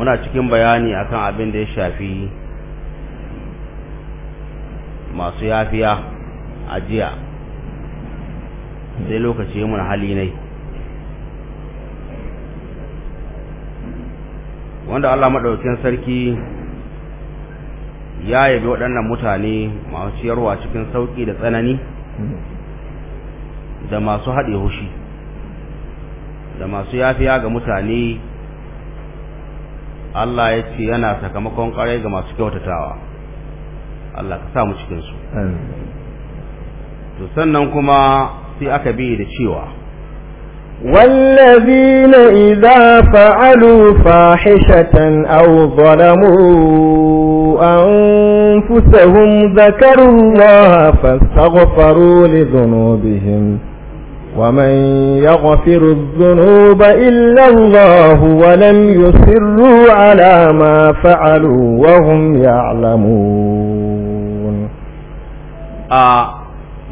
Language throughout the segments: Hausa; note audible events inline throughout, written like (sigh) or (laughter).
muna cikin bayani akan abin da ya shafi masu yafiya a jiya sai lokaci mun hali ne wanda Allah maɗaukin sarki ya yabi waɗannan mutane masu ciyarwa cikin sauƙi da tsanani da masu haɗe hushi da masu yafiya ga mutane Allah ya ce yana sakamakon ƙarai ga masu kyautatawa Allah ka samu cikinsu to sannan kuma sai aka bi da cewa والذين إذا فعلوا فاحشة أو ظلموا أنفسهم ذكروا الله فاستغفروا لذنوبهم ومن يغفر الذنوب إلا الله ولم يسروا على ما فعلوا وهم يعلمون آه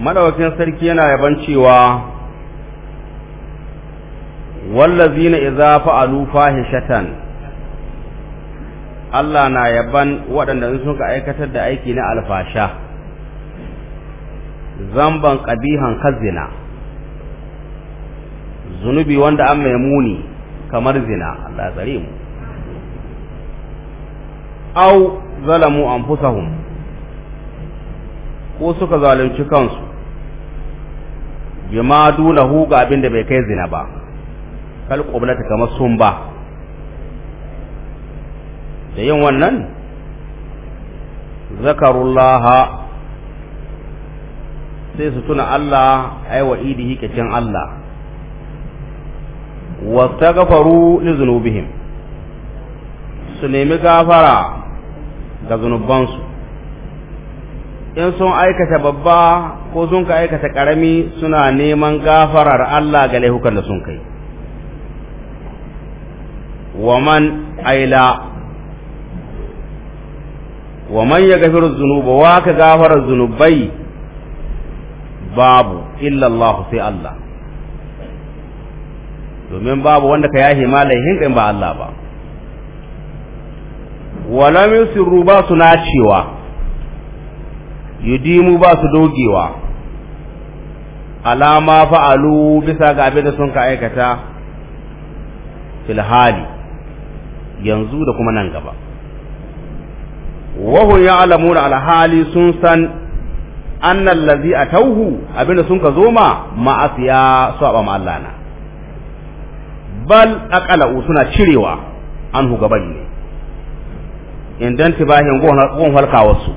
مدوكين سركينا يبنشيوا والذين إذا فعلوا فاهشة Allah na yaban waɗanda sun suka aikatar da aiki na alfasha zamban ƙabihan kazina zunubi wanda an mai muni kamar zina Allah ya tsare mu au zalamu anfusahum ko suka zalunci kansu bima dunahu ga abin da bai kai zina ba kal qiblata kamar sun ba da yin wannan zakarullaha sai su tuna Allah ai Idi idihi kacin Allah wastaghfaru li dhunubihim su nemi gafara ga zunubansu in sun aikata babba ko sun ka aikata ƙarami suna neman gafarar Allah ga laihukan da sun kai waman aila waman ya gafiru zunuba wa ka gafarar zunubai babu illallahu sai Allah domin babu wanda ka yahi ma laihin ɗin ba Allah ba walam sirru ba su nacewa yudimu ba su dogewa alama fa'alu bisa ga abin da sun ka aikata fil yanzu da kuma nan gaba wahun ya da alhali sun san annan lazi a tauhu da sun ka zo ma ma'asiya su ma Allah na bal aqalau suna cirewa an gaban ne indan tibahin gon halka wasu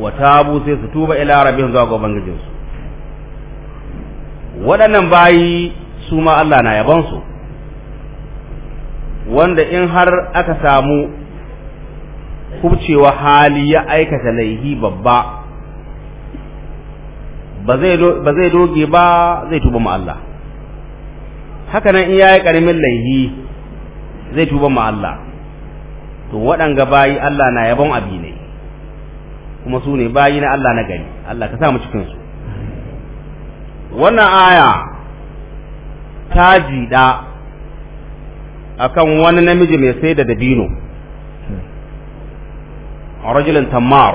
wa tabu sai su tuba ila rabbihim zuwa ga gajinsu waɗannan bayi su ma Allah na yaban su wanda in har aka samu kubcewa hali ya aikata laihi babba ba zai doge ba zai tuba ma Allah haka nan in yayi karamin laihi zai tuba ma Allah to waɗanga bayi Allah na yabon abi ne kuma su ne bayi na Allah na gari Allah ka sa mu cikin su wannan aya ta jida akan wani namiji mai sai da dabino rajulin tamar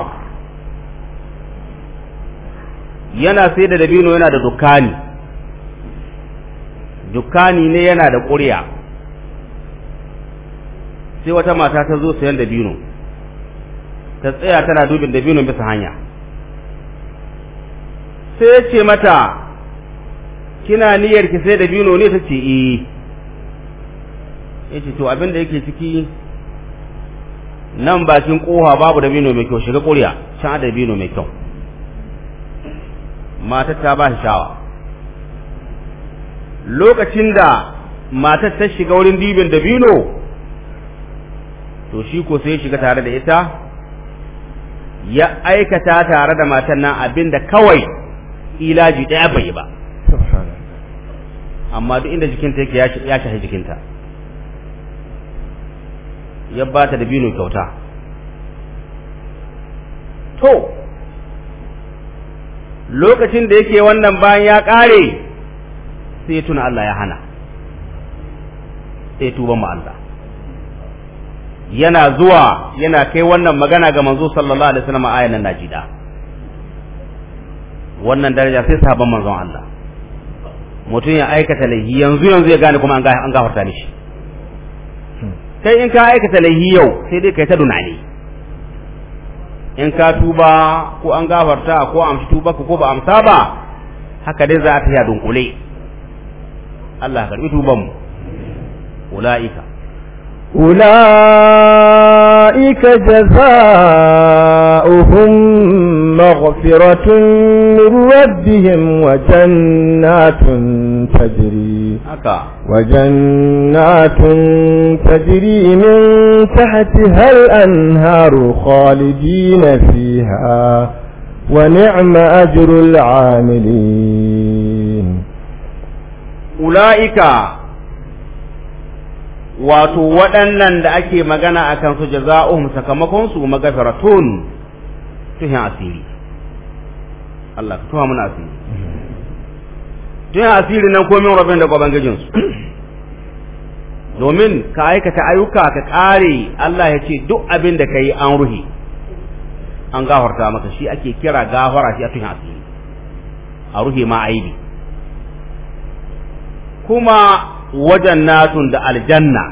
yana sai da dabino yana da dukani dukkani ne yana da ƙuriya sai wata mata ta zo sayan dabino ta tsaya tana dubin dabino bisa hanya sai ya ce mata kina niyyar ki sai dabino ne ta ce eh yace to abin da yake ciki nan bakin koha babu dabino mai kyau shiga ƙuriya can dabino mai kyau mata ta ba shi shawa lokacin da matar ta shiga wurin dibin bino to shi ko sai shiga tare da ita ya aikata tare da matan nan abinda kawai ilaji ɗaya bai ba amma duk inda jikinta yake ya shahi jikinta ya ba ta bino kyauta to lokacin da yake wannan bayan ya kare sai ya tuna Allah ya hana sai tuba ma Allah yana zuwa yana kai wannan magana ga manzo sallallahu alaihi wasallam ayan nan najida wannan daraja sai sahabban manzon Allah mutum ya aikata laihi yanzu yanzu ya gane kuma an gafarta mishi kai in ka aikata laihi yau sai dai kai ta dunani in ka tuba ko an gafarta ko amshi tuba ko ba amsa ba haka dai za a tafiya dunkule الله قال tuban بم اولئك أولئك جزاؤهم مغفرة من ربهم وجنات تجري وجنات تجري من تحتها الأنهار خالدين فيها ونعم أجر العاملين ula'ika wato waɗannan da ake magana a kansu jaza'uhum sakamakonsu magafiratun tuhin asiri Allah ka tuha muna asiri tuhin asiri nan komin rabin da ubangijinsu domin ka aikata ayyuka ka ƙare Allah ya ce duk abin da ka yi an ruhi an gafarta maka shi ake kira gafara shi a tuhin asiri a ruhi ma aibi kuma wajen natun da aljanna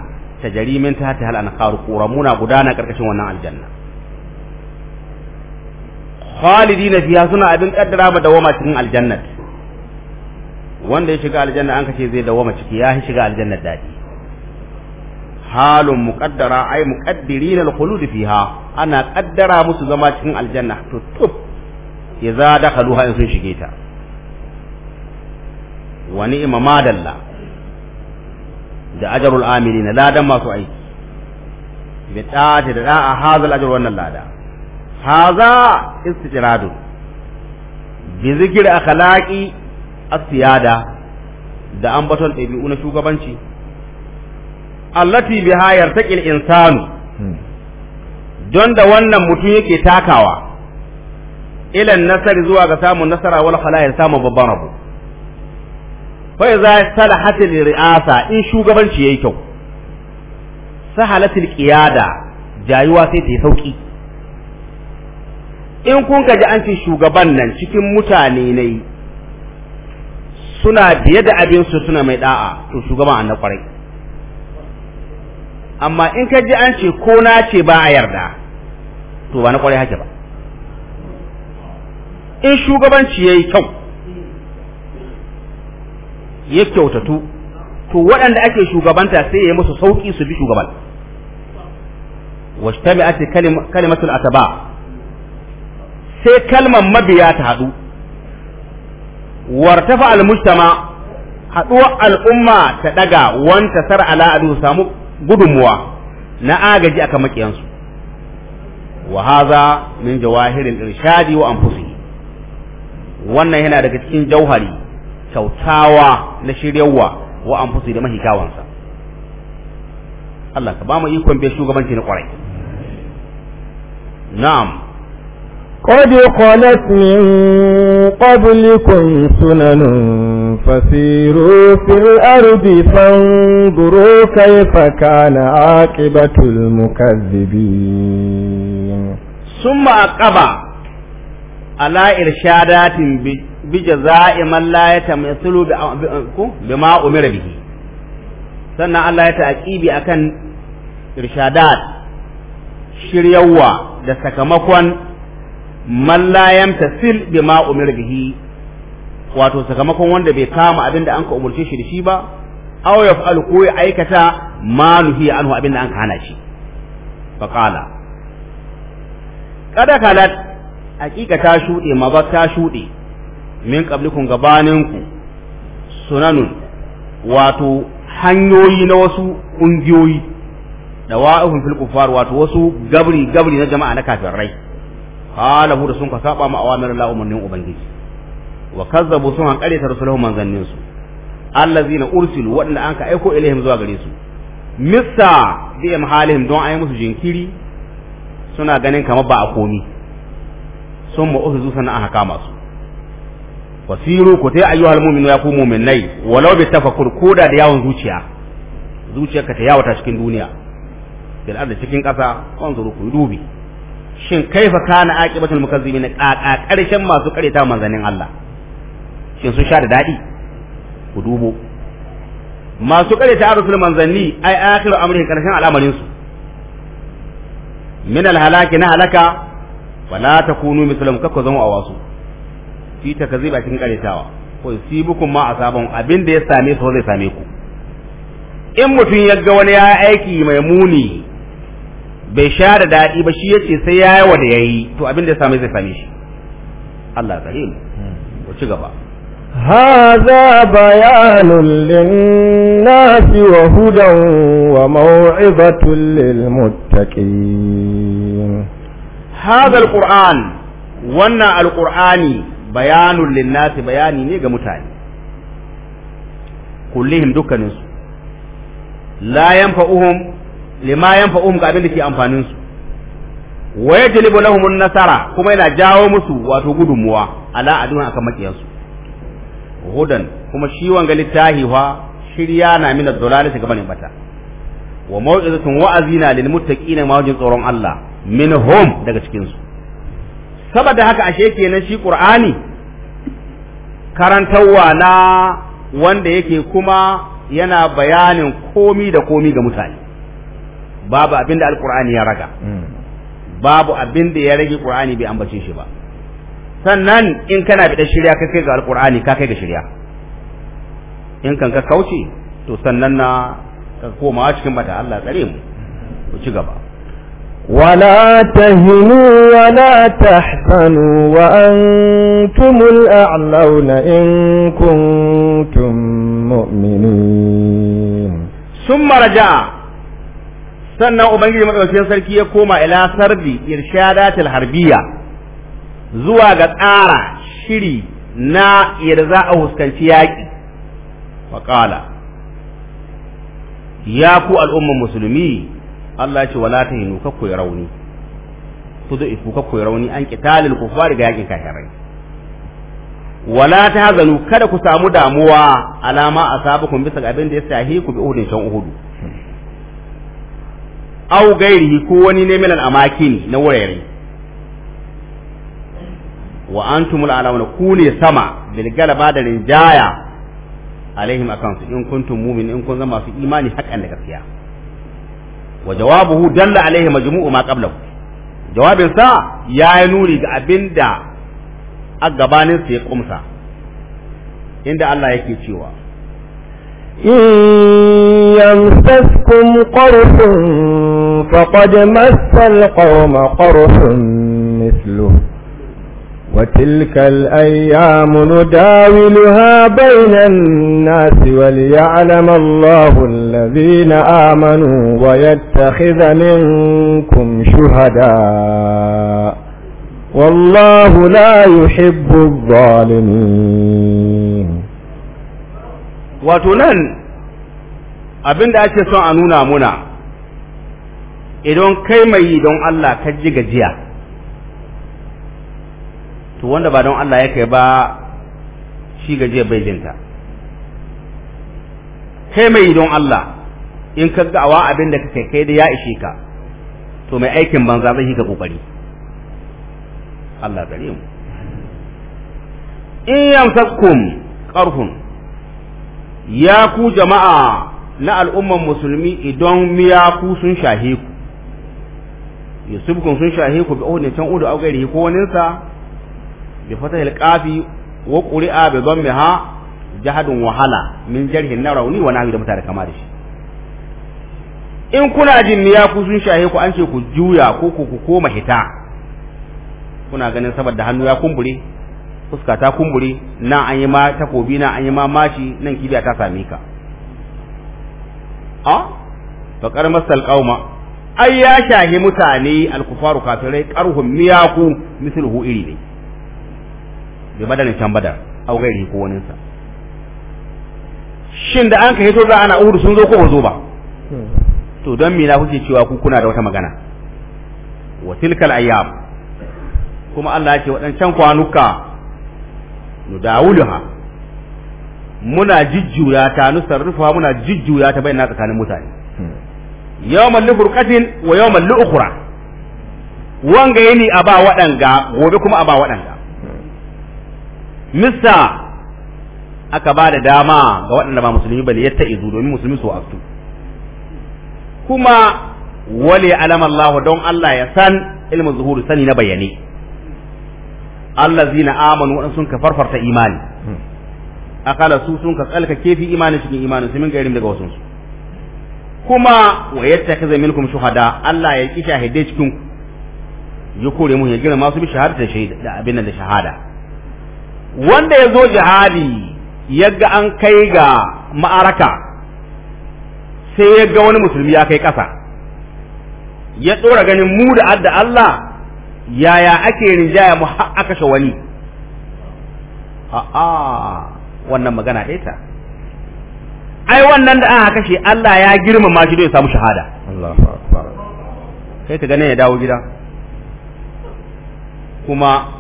ta jarimin ta ta al'ankaru kura muna gudana ƙarƙashin wannan aljanna khalidi na fiya suna abin ƙaddara ba dawama cikin aljannat wanda ya shiga aljanna an kace zai dawama ciki ya shiga aljannat daɗi halun muƙaddara ai muƙaddiri na khulud fiha ana ƙaddara musu zama cikin aljanna to tuf ya za da in sun shige ta wa ni'ma madalla da ajrul amilin ladan masu aiki bi ta'ati da da'a hazal ajar wannan lada haza istijradu bi zikr akhlaqi as-siyada da ambaton ɗabi'u na shugabanci allati biha yartaqi al-insanu hmm. don da wannan mutum yake takawa ilan nasari zuwa ga samun nasara wal khala ya babban rabo fa idza salahat ri'asa in shugabanci yayi kyau sahalatil qiyada jayuwa sai ta yi sauki in kun ka ji an ce shugaban nan cikin mutane ne suna biye da abin su suna mai da'a to shugaban na kwarai amma in ka ji an ce ko na ce ba a yarda to ba na kwarai hake ba in shugabanci yayi kyau ya kyautatu to waɗanda ake shugabanta sai ya yi musu sauƙi su bi shugaban wasu ake kalimatul ataba sai kalmar mabiya ta haɗu wartafa al-mujtama haɗuwar al'umma ta ɗaga wanta sar ala adu samu gudunmuwa na agaji a kan makiyansu wa haza min jawahirin irshadi wa anfusihi wannan yana daga cikin jauhari kyautawa na shiryawa wa fusu da mahikawansa Allah ka ba mu ikon bai shugabanci na kwarai na'am قد خلت من قبلكم سنن فسيروا في الأرض فانظروا كيف كان عاقبة المكذبين ثم أقبى على إرشادات bi jaza'i man la yatamathalu bi bima umira bihi sannan Allah ya ta'aqibi akan irshadat shiryawa da sakamakon man la yamtasil bima umira bihi wato sakamakon wanda bai kama abin da an ka umurce shi da shi ba aw yaf'alu ko ya aikata ma nuhi anhu abin da an ka hana shi faqala kada kalat hakika ta shuɗe mazar ta shuɗe min qablikum gabaninku sunanun wato hanyoyi na wasu ƙungiyoyi da wa'ihun fil kufar wato wasu gabri gabri na jama'a na kafirai hu da sun ka saba ma awamir Allah umarnin ubangiji wa kazzabu sun an kare rasulahu manzannin su allazina ursilu wadanda an ka aiko ilaihim zuwa gare su mista bi imhalihim don ayi musu jinkiri suna ganin kamar ba a komi sun ma'uzu sana aka kama su fasiru ku ta ayyuhal mu'minu ya ku mu'minai walau bi tafakkur koda da yawon zuciya zuciya ka ta yawata cikin duniya fil ardi cikin ƙasa wanzuru ku dubi shin kaifa kana aqibatul mukazzimin a ƙarshen masu kareta manzanin Allah shin sun sha da dadi ku dubo masu kareta rusul manzanni ai akhiru amrin ƙarshen al'amarin su min al halaki na halaka wala takunu mislam kakku zama a wasu shi ta kazi bakin karetawa ko yusibukum ma sabon abin da ya same su zai same ku in mutum ya ga wani ya aiki mai muni bai sha da daɗi ba shi ya ce sai ya yawa da ya yi to abin da ya same zai same shi Allah karim ku ci gaba هذا بيان للناس وهدى وموعظة للمتقين هذا القرآن وانا القرآن bayanun linnati bayani ne ga mutane kullihim dukkanin su la yanfa'uhum lima yanfa'uhum ga abin da ke amfanin su wa yajlibu lahum nasara kuma yana jawo musu wato gudunmuwa ala aduna akan makiyansu hudan kuma shi wanga litahi wa shirya na min ad-dalalati gabanin bata wa mau'izatun wa'azina lil muttaqina tsoron Allah minhum daga cikin su saboda haka ashe kenan shi qur'ani karantarwa na wanda yake kuma yana bayanin komi da komi ga mutane babu abin da alqur'ani ya raga hmm. babu abin da ya rage qur'ani bai ambace shi ba sannan in kana bi shirya ka kai ga alqur'ani ka kai ga shirya in kan ka kauce to sannan na ka koma cikin bata Allah tsare mu ku ci gaba ولا تهنوا ولا تحزنوا وأنتم الأعلون إن كنتم مؤمنين ثم رجع sannan ubangiji madaukakin sarki ya koma ila sardi irshadatil harbiya zuwa ga tsara shiri na yadda za a huskanci yaƙi faƙala ya ku al'umman musulmi Allah ce wala ta hinu ka koyi rauni su da ifu ka koyi rauni an kitalil kufari ga yakin kafirai wala ta hazanu kada ku samu damuwa alama asabukum bisa abin da ya sahi ku bi uhudin shan uhudu au gairihi ko wani ne minan amakin na wurare wa antumul alawna ku ne sama bil galaba da rinjaya alaihim akan su in kuntum mu'min in kun zama su imani hakan da gaskiya وجوابه دل عليه مجموع ما قبله جواب سا يا نوري دا أبن دا أقبان في قمسا عند الله يكي تيوا إن يمسسكم قرح فقد مس القوم قرص مثله وتلك الأيام نداولها بين الناس وليعلم الله الذين آمنوا ويتخذ منكم شهداء والله لا يحب الظالمين وتنن abin da ake son a nuna muna idan kai mai don Allah ka ji gajiya to wanda ba don Allah ya kai ba shi gajiya bai jinta kai mai don Allah in ka ga awa abin da kai kai da ya ishe ka to mai aikin banza zai ka kokari Allah gare mu in yamsakum qarhun ya ku jama'a na al'umman musulmi idan miyaku sun shahe ku yusufkun sun shahe ku bi ohun can udu augari ko waninsa bi fatahil qafi wa quri'a bi dhammiha jahadun wahala min jarhin na rauni wa nahi da mutare kama da shi in kuna jin ya ku sun shahe ku an ce ku juya ko ku ku koma hita kuna ganin saboda hannu ya kumbure fuska ta kumbure na an yi ma takobi na an yi ma mashi nan kibiya ta same ka ah, a bakar masal qauma ai ya shahi mutane kufaru kafirai qarhum miyaku misluhu iri ne bada ne can bada au gairi ko wani sa shin da an ka hito za ana uhud sun zo ko ba zo ba to don me na kuke cewa ku kuna da wata magana wa tilkal ayyam kuma Allah yake ce waɗancan kwanuka nudawuluha muna jujjuya ta nusarrufa muna jujjuya ta bayyana tsakanin mutane yawmal lufurqatin wa yawmal lu'ukhra wanga yini aba wadanga gobe kuma aba wadanga mista aka ba da dama ga waɗanda ba musulmi bane ya ta'izu domin musulmi su aktu kuma wale alam Allah don Allah ya san ilmin zuhuri sani na bayane allazina amanu wadan sun ka farfarta imani akala su sun ka tsalka kefi imani cikin imani su min gairin daga wasu kuma wa yattakaza minkum shuhada Allah ya ki shahidai cikin ku yukure mu ya gina masu bi shahada da abin da shahada wanda ya zo jihadi yaga an kai ga ma'araka sai ya ga wani musulmi ya kai ƙasa ya ɗora ganin mu da adda Allah yaya ake rinjaya mu har aka sha wani a'a wannan magana ɗaya ta ai wannan da aka kashe Allah ya girmama shi don ya samu shahada sai ka gane ya dawo gida kuma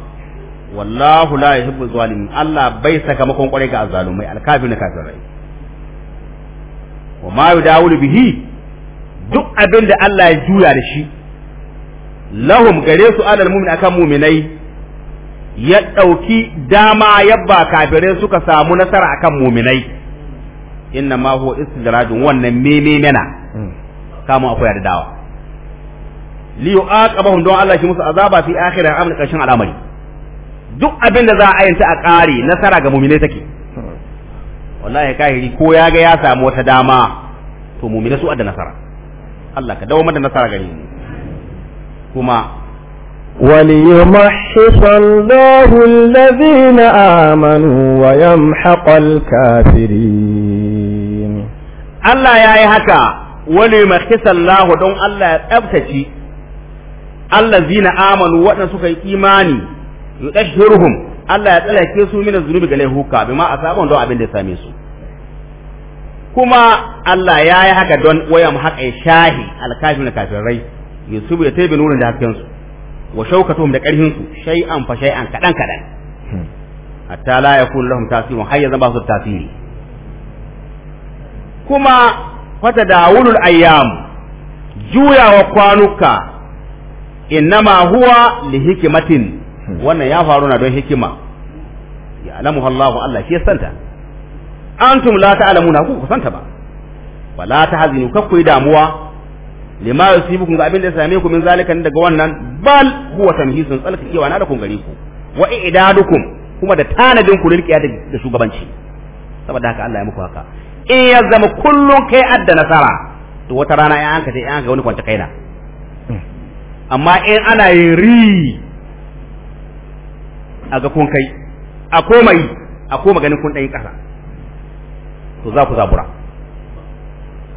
wallahu la yuhibbu zalimin Allah bai sakamakon kwarai ga azzalumai alkafirin kafirai wa ma yudawulu bihi duk abin da Allah ya juya da shi lahum gare su alal mu'min akan mu'minai ya dauki dama yabba kafirai suka samu nasara akan mu'minai inna ma huwa istidrajun wannan meme mena kama akwai da dawa li yu'aqabahum don Allah shi musu azaba fi akhirin amrin kashin al'amari duk abin da za a ayanta a ƙare nasara ga muminai take wallahi kahiri ko ya ga ya samu wata dama to muminai su da nasara Allah ka dawo da nasara gare mu kuma وليمحص الله الذين آمنوا ويمحق الكافرين الله يا هكا وليمحص الله دون الله يبتشي الذين آمنوا وأن سكي إيماني yudashshiruhum Allah ya tsalake su min zunubi ga laihuka bima asaban don abin da ya same su kuma Allah ya yi haka don wayan haƙa shahi alkafin da kafirai yusufu ya taibi nurin da hasken su wa shaukatuhum da ƙarfin su shay'an fa shay'an kadan kadan hmm. hatta la yakun lahum tasirun har yanzu ba su tasiri kuma fata dawulul ayyam wa kwanuka innama huwa li hikmatin (laughs) wannan ya faru na don hikima ya alamu Allah Allah shi ya santa antum la ta'lamuna ku santa ba wala tahzinu kakku damuwa lima yusibukum ga abin da ya same ku min zalika daga wannan bal huwa tamhizun tsalkakewa na da kun gare ku wa i'dadukum kuma da tanadin ku rilkiya da shugabanci saboda haka Allah ya muku haka in ya zama kullun kai adda nasara to wata rana ya an ka sai an ga wani kwanta kaina hmm. amma in ana yin ri a ga kun kai a komai a koma ganin kun yi ƙasa to za ku zabura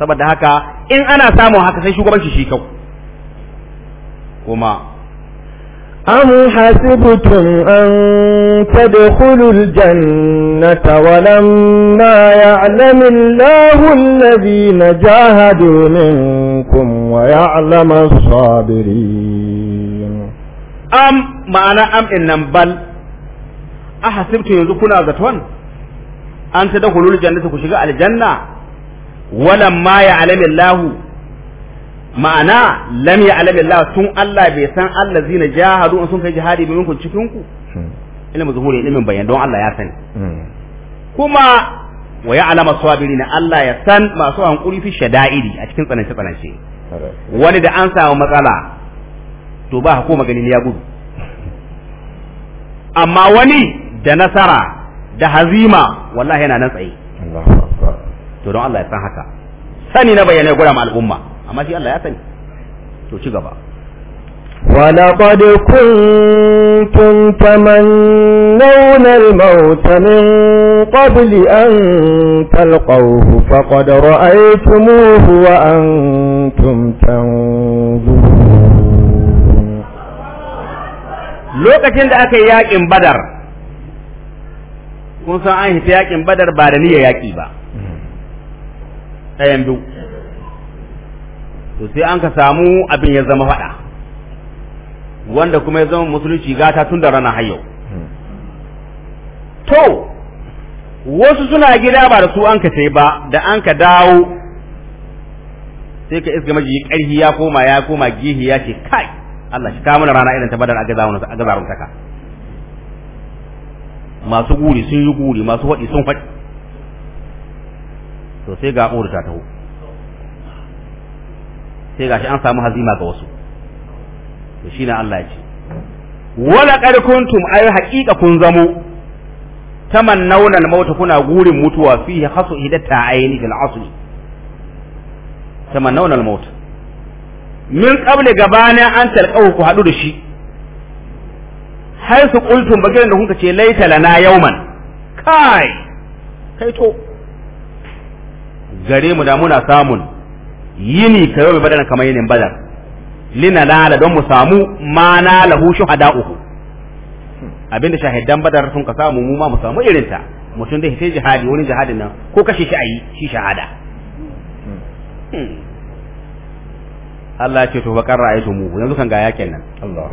saboda haka in ana samun haka sai shugabanci shi kau kuma أم حسبتم أن تدخلوا الجنة ولما يعلم الله الذين جاهدوا منكم ويعلم الصابرين أم معنى أم إن بل ahasibtu yanzu kuna zaton an ta dakhulul jannata ku shiga aljanna walam ma ya'lamu Allah ma'ana lam ya'lamu Allah tun Allah bai san allazina jahadu an sun kai jihadi bi minkum cikin ku hmm. ilmu zuhuri ilimin bayan don Allah ya sani hmm. kuma wa ya'lamu sabirina Allah ya san masu hankuri fi shada'idi a cikin tsananci tsananci wani da an samu matsala to ba hukuma ganin ya gudu (laughs) amma wani da nasara da hazima wallahi yana nan tsaye to don Allah ya san haka sani na bayyana gura ma al'umma amma shi Allah ya sani to ci gaba ولقد كنتم تمنون الموت من قبل أن تلقوه فقد رأيتموه وأنتم تنظرون لوكا تند أكي ياك بدر kun san an hita yakin badar ba da niyyar yaki ba ɗayan biyu to sai an ka samu abin ya zama faɗa wanda kuma ya zama musulunci gata tun da rana har to wasu suna gida ba da su an ka sai ba da an ka dawo sai ka iska maji ƙarfi ya koma ya koma gihi ya ce kai Allah shi ta mana rana irin ta badar a gazarun taka masu guri sun yi guri masu haɗi sun faɗi to sai ga ƙura ta taho sai ga shi an samu hazima ga wasu to shi na Allah ya ce wala kuntum ai haƙiƙa kun zamo taman naunan mauta kuna gurin mutuwa fi hasu yi aini fil ne taman naunan mauta min ƙabli gabanin an talqahu ku hadu da shi haisu qultum bagiran da kuka ce laita lana yawman kai kai to gare mu da muna samun yini ka yau da kamar yinin badar lina lala don mu samu ma na lahu uku abinda shahidan badar sun ka samu mu ma mu samu irinta mutum da sai jihadi wani jihadin nan ko kashe shi ayi shi shahada hmm. Allah ya ce to bakar ra'aytu mu yanzu kan ga yakin nan Allah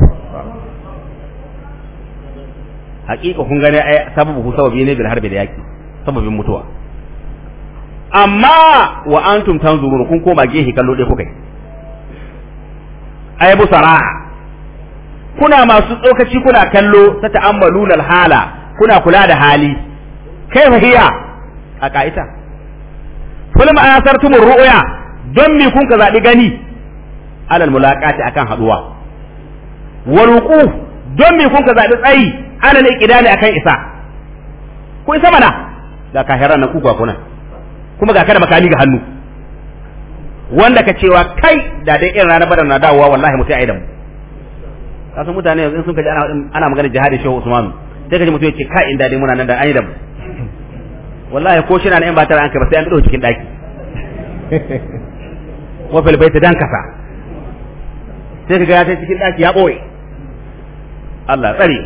hakika kun gane ai sababu ku sababi ne bil harbi da yaki sababin mutuwa amma wa antum tanzurun kun koma gehe kallo dai kuka yi bu sara kuna masu tsokaci kuna kallo ta ta'ammalul hala kuna kula da hali kai fahiya a ka'ita fulm asartumur ru'ya don me kun ka zabi gani alal mulaqati akan haduwa wal wuquf don me kun ka zaɓi tsayi ne iqdali akan isa ko isa mana ga kahiran nan kwa kuna kuma ga kada makami ga hannu wanda ka cewa kai da dai irin ranar badar na dawowa wallahi mutai aidan mu kasan mutane yanzu sun kaji ana magana jihadin shehu usman sai kaji mutum ya ce kai inda dai muna nan da aidan da mu wallahi ko shina in ba tare an kai ba sai an dauki cikin daki (laughs) wa fil baiti dan kasa sai kaga ya cikin daki ya boye Allah tsare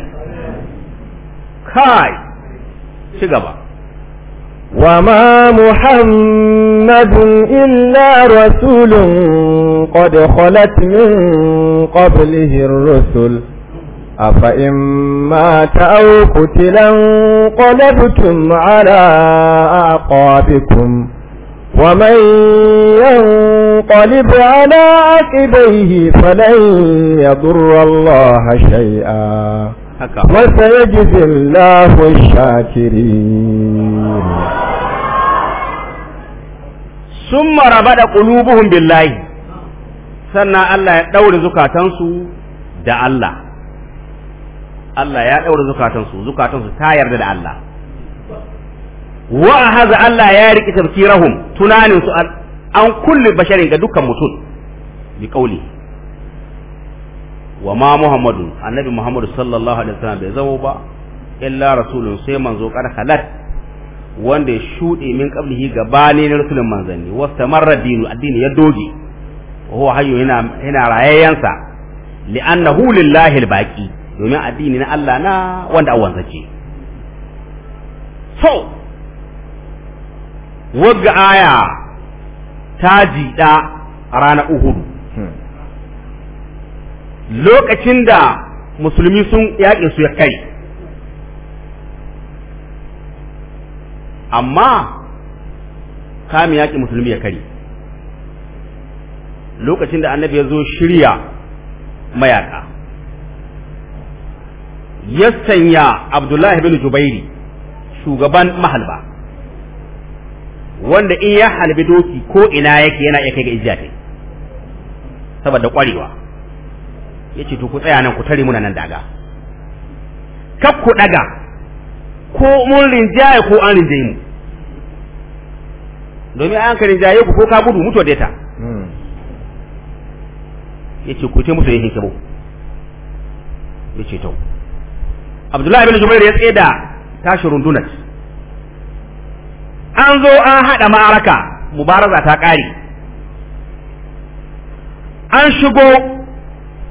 kai ci gaba wa ma muhammadun illa rasulun qad khalat min qablihi ar-rusul afa in ma ta'u qutilan qalabtum ala aqabikum ومن ينقلب على عقبيه فلن يضر الله شيئا وسيجزي الله الشاكرين ثم ربد قلوبهم بالله سنة الله يدور زكاتنسو دا الله الله يدور ɗaura zukatansu zukatansu ta yarda da Allah wa haza Allah ya riki tafsirahum tunanin su an kulli basharin ga dukkan mutum bi kauli wa ma Muhammadu annabi Muhammadu sallallahu alaihi wasallam bai zama ba illa rasulun sai manzo kar halat wanda ya shuɗe min qablihi gabani na rasulun manzanni wa samarra dinu addini ya doge wa huwa hayyu yana yana rayayansa li'annahu lillahi albaqi domin addini na Allah na wanda awansa ce so wagga aya ta jiɗa a ranar uhudu hmm. lokacin da musulmi sun yaƙin su ya kai amma kame yaƙi musulmi ya kare lokacin da annabi ya zo shirya mayaƙa ya sanya abdullahi bin jubairi shugaban mahalba wanda in ya halbi doki ko ina yake yana iya kai ga ijiya ta saboda kwarewa yace to ku tsaya nan ku tare muna nan daga kaf ku daga ko mun rinjaye ko an rinjaye mu domin an ka rinjaye ku ko ka gudu mutuwa da ta yace ku ce musu yake ya yace to Abdullahi bin Jubair ya tseda tashi rundunar an zo an haɗa ma'araka mubaraza ta ƙare an shigo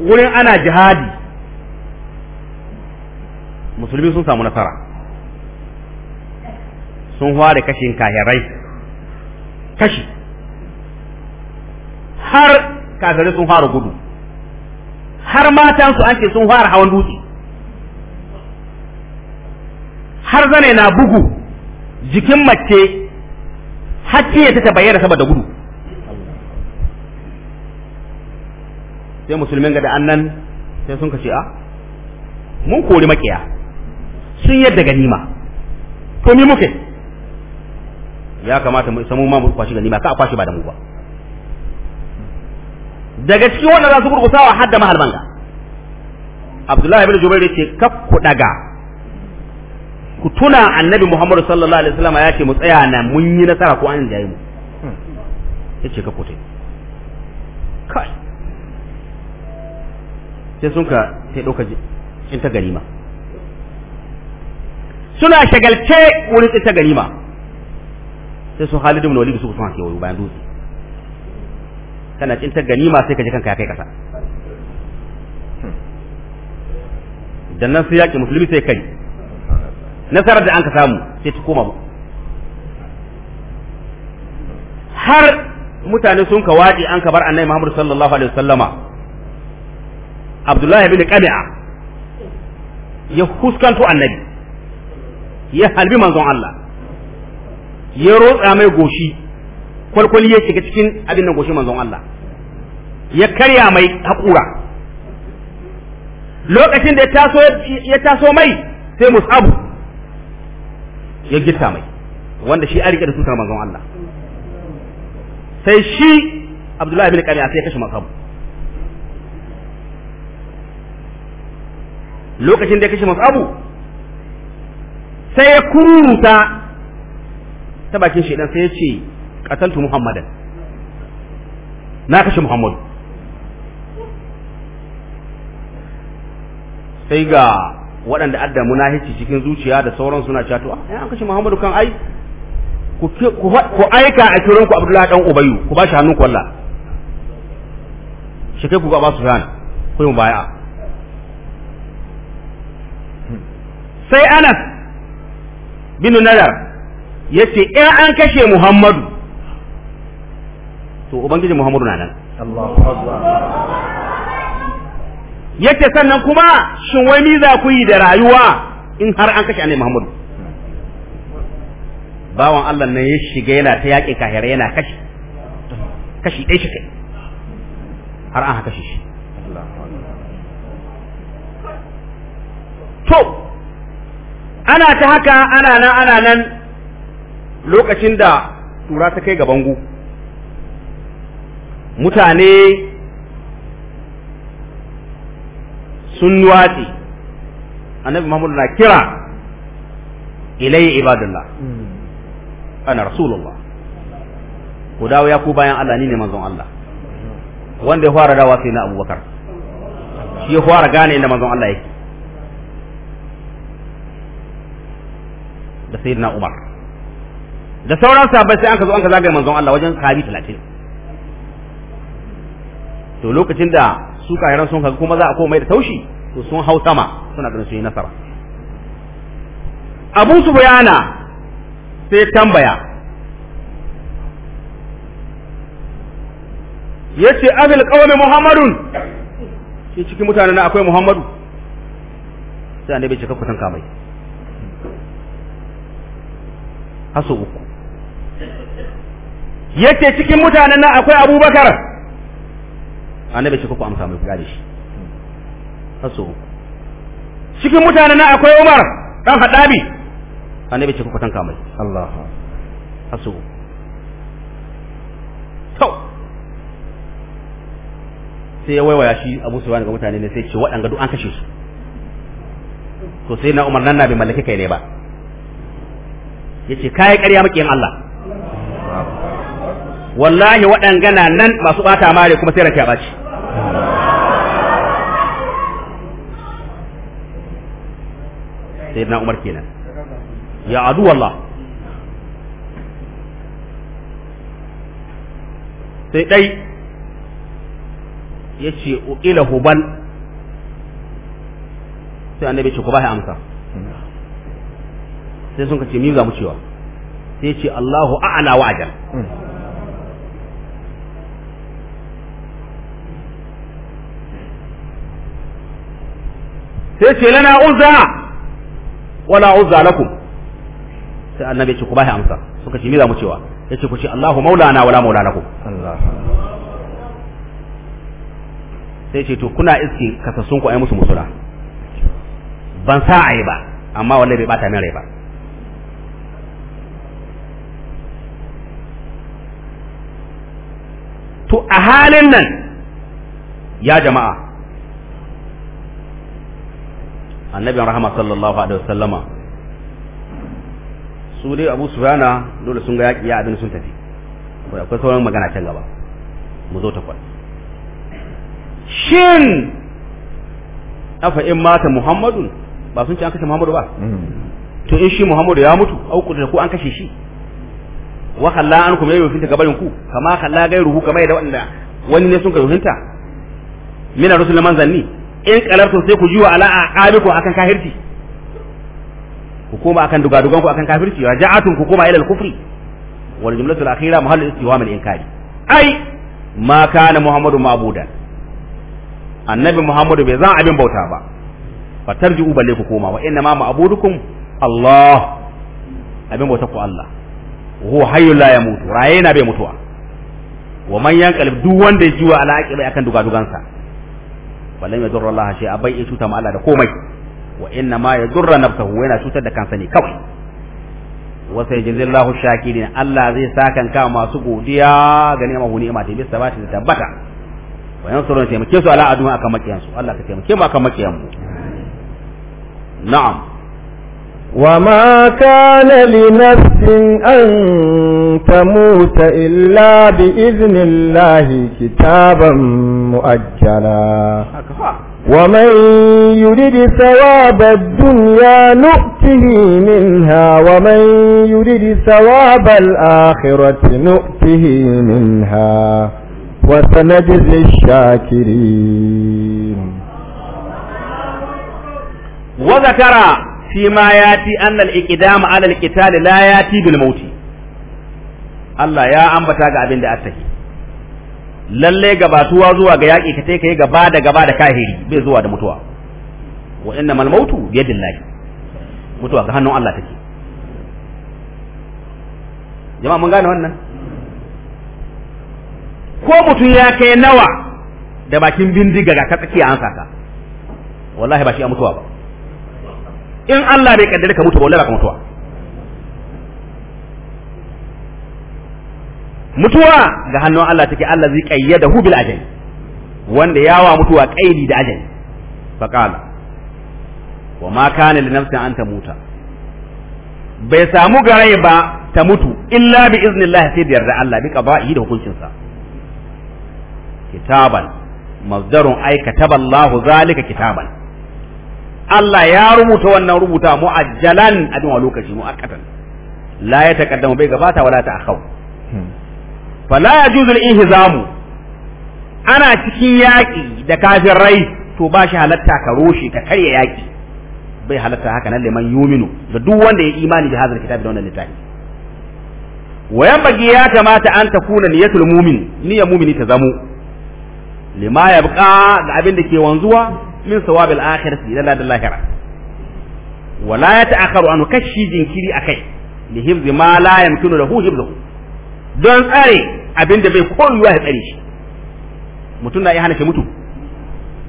wurin ana jihadi musulmi sun samu nasara sun fara kashin kahirai kashi har kafirai sun fara gudu har matansu an ce sun fara hawan dutse har zane na bugu jikin mace hacce ta bayyana sama da gudu sai musulmin ga da annan sai sun kace a mun kori makiya sun yadda ganima to ni muke ya kamata mu samu ma mu kwashi ganima ka kwashi ba da mu ba daga cikin wannan za su gurgusawa hadda mahalmanga Abdullahi ibn Jubair yace kakku daga ku tuna annabi Muhammadu sallallahu alaihi wasallam ya ce mu tsaya na mun yi nasara ko an jaye mu yace ka kote kai sai sun ka sai dauka in ta garima suna shagalce wurin ta garima sai su Khalid ibn Walid su kuma ke wayo bayan dutse kana cin ta ganima sai ka ji kanka ya kai kasa dan nan sai yaki musulmi sai kai nasarar da an ka samu sai ta koma har mutane sun ka waɗi an ka bar annabi muhammadu sallallahu alaihi wasallama Abdullahi bin kami'a ya huskanto annabi ya halbi manzon Allah ya rotsa mai goshi kwalkwali ya shiga cikin abin nan goshi manzon Allah ya karya mai haƙura lokacin da ya taso mai sai musabu ya gitta mai wanda shi a rike da tutar manzon Allah sai shi Abdullahi bin kariya sai ya kashe Makhabu lokacin da ya kashe abu sai ya kuruta ta bakin shaidan sai ya ce qataltu Muhammadan na kashe Muhammadu sai ga waɗanda adda munahici cikin zuciya da sauran suna cewa to ai ah, an kashe Muhammadu kan ai ku ku aika a kiran ku Abdullahi dan Ubayyu ku bashi hannun kwalla shi kai ku ga basu ran ku yi baya sai Anas bin Nadar yace in an kashe Muhammadu to ubangiji Muhammadu na nan Allahu Akbar yake sannan kuma shin wai miza za ku yi da rayuwa in har an kashe annabi Muhammadu bawan Allah nan ya shiga yana ta yaƙin kahira yana kashi kashi ɗaya shi kai har an haka shi to ana ta haka ana nan ana nan lokacin da tura ta kai ga bango mutane sun watsi annabi Muhammad na kira ilayya ibadullah ana rasulullah ku dawo ya ku bayan Allah ni ne manzon Allah wanda ya fara dawa sai na Abubakar shi ya fara gane inda manzon Allah yake da na Umar da sauran sahabbai sai an ka zo an ka zagaye manzon Allah wajen sahabi 30 to lokacin da su kahiran sun kaga kuma za a komai da taushi to sun hau sama suna ganin sun yi nasara abu su bayana sai tambaya yace amil qawmi muhammadun shi cikin mutanen akwai muhammadu sai annabi ce kakutan kamai haso uku ce cikin mutanen nan akwai abubakar annabi ce ku amsa mai kula da shi haso cikin mutane na akwai Umar dan Hadabi annabi ce ku tanka mai Allah haso to sai ya waiwaya shi Abu Sufyan ga mutane ne sai ce waɗanga duk an kashe su to sai na Umar nan na bai mallaki kai ne ba yace kai ƙarya yin Allah wallahi na nan masu ɓata mare kuma sai rake a ɓaci sayyidina Umar kenan ya adu wallah sai dai yace ila huban sai annabi ce ku ba amsa sai sun kace mi ga mu cewa sai ce Allahu a'la wa ajal sai ce lana uzza wala uzza lakum sai annabi ya ce ku bashi amsa suka ce me za mu cewa ya ce ku ce Allahu maulana wala maula lakum sai ce to kuna iske kasassun ku ai musu musula ban sa ai ba amma wallahi bai bata min rai ba to a halin nan ya jama'a annabin rahama sallallahu alaihi wasallama su dai abu sufyana dole sun ga yaƙi ya abin sun tafi akwai sauran magana can gaba mu zo ta kwan shin afa in mata Muhammadu ba sun ce an kashe muhammadu ba mm-hmm. to in shi muhammadu ya mutu au kudu ko an kashe shi wa khalla an kuma yayin finta gabarin ku kama khalla gairuhu kama yadda wanda wani ne sun ka yohinta mina rusul manzanni in kalarto sai ku jiwa ala aqabiku akan kafirci ku koma akan dugadugan ku akan kafirci raja'atun ku koma ila al-kufri wal jumlatu al-akhira mahallu istiwam al-inkari ai ma kana muhammadu ma'budan annabi muhammadu bai zan abin bauta ba fatarji'u balle ku koma wa inna ma ma'budukum Allah abin bauta ku Allah huwa hayyu la yamutu raye na bai mutuwa wa man yanqalib duk wanda ya jiwa ala aqibai akan dugadugansa falan ya durra Allah abai cuta Allah da komai wa inna ma ya durra yana cutar da kansa ne kawai wa sai shakirin Allah zai sakan ka masu godiya ga ni'ama hu ni'ima ta sabati da tabbata wa taimake su ala adu akan makiyansu Allah ka taimake mu akan na'am وما كان لنفس أن تموت إلا بإذن الله كتابا مؤجلا ومن يرد ثواب الدنيا نؤته منها ومن يرد ثواب الآخرة نؤته منها وسنجزي الشاكرين وذكر shi ma ti annal iqdam ala alqital la ti bil maut Allah ya ambata ga abin da yi lalle gabatuwa zuwa ga yaki ka kai gaba da gaba da kahiri bai zuwa da mutuwa wa mal mautu bi yadillahi mutuwa ga hannun Allah take jama'a mun gane wannan ko mutum ya kai nawa da bakin bindiga ga ka tsakiya an saka wallahi ba shi a mutuwa ba in Allah bai kaddare ka mutu ba ka mutuwa mutuwa ga hannun Allah take Allah zai kayyada hu bil ajali wanda yawa mutuwa kaidi da ajali fa qala wa ma kana li nafsin an tamuta bai samu garai ba ta mutu illa bi iznillahi sai da yarda Allah bi qada'i da hukuncin sa kitaban masdarun ay kataballahu zalika kitaban Allah ya rubuta wannan rubuta mu'ajjalan abin wa lokaci mu mu'akkatan la ya taqaddamu bai gabata wala ta akhau hmm. fala yajuzu al-ihzamu ana cikin yaƙi da kafin rai to ba shi halatta ka roshe ka karya yaƙi bai halatta haka nan liman yuminu da duk wanda ya imani da hazar kitabi da wannan littafi wa 'yan yanbaghi ya kamata an takuna niyatul mu'min niyyar mu'mini ta zamo lima yabqa ga abin da ke wanzuwa min sawabil akhirati lalla da lahira wala ya ta'akharu an kashi jinkiri akai li hifzi ma la yamkinu lahu hifzuhu don tsare abinda bai koyuwa ya tsare shi mutum na iya hana shi mutu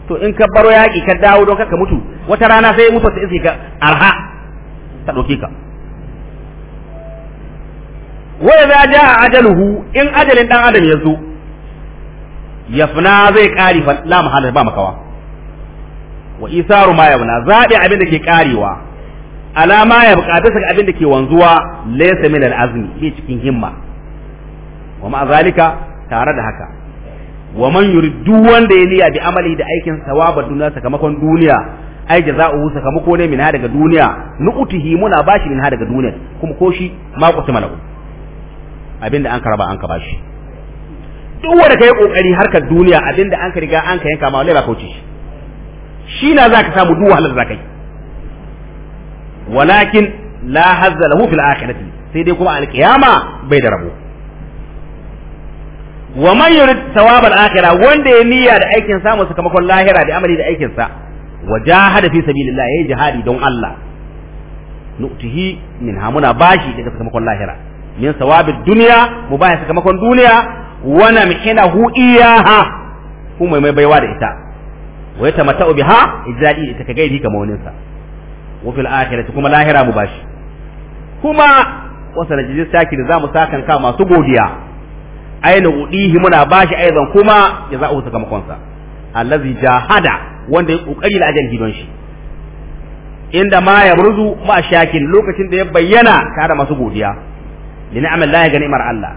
to in ka baro yaƙi ka dawo don ka mutu wata rana sai mutu sai iske ka arha ta ɗauke ka wa idza jaa ajaluhu in ajalin dan adam yazo yafna zai kari la mahala ba makawa wa isaru ma yabna zabi abin da ke karewa alama ya bukata saka abin da ke wanzuwa laysa min al-azmi bi cikin himma wa ma zalika tare da haka wa man yuridu wanda ya bi amali da aikin sawaba duniya sakamakon duniya ai jaza'uhu sakamako ne min ha daga duniya nu'tihi muna bashi min ha daga duniya kuma ko shi ma ku tuma lahu abinda an karaba an ka bashi duk wanda kai kokari harkar duniya abinda an ka riga an ka yanka ma wallahi ba kauce shi shi na za ka samu duk wahalar za ka yi walakin la hazza lahu fil akhirati sai dai kuma alkiyama bai da rabo wa man yurid thawab akhirah wanda ya niyya da aikin samu sakamakon lahira da amali da aikin sa wa fi sabilillah yayi jihadi don Allah nu'tihi min hamuna bashi daga sakamakon lahira min thawabid dunya mu sakamakon duniya wa namhinahu iyaha kuma mai baiwa da ita mata yatamatta'u biha ijadi ita kaga ni kamar wani sa akhirati kuma lahira mu bashi kuma wasa najis saki da sa sakan ka masu godiya aina udihi muna bashi aizan kuma jaza'u sakamakon sa allazi jahada wanda ya kokari da ajal hidon shi inda ma ya burzu ma shakin lokacin da ya bayyana tare masu godiya li ni'mal ga ni'mar Allah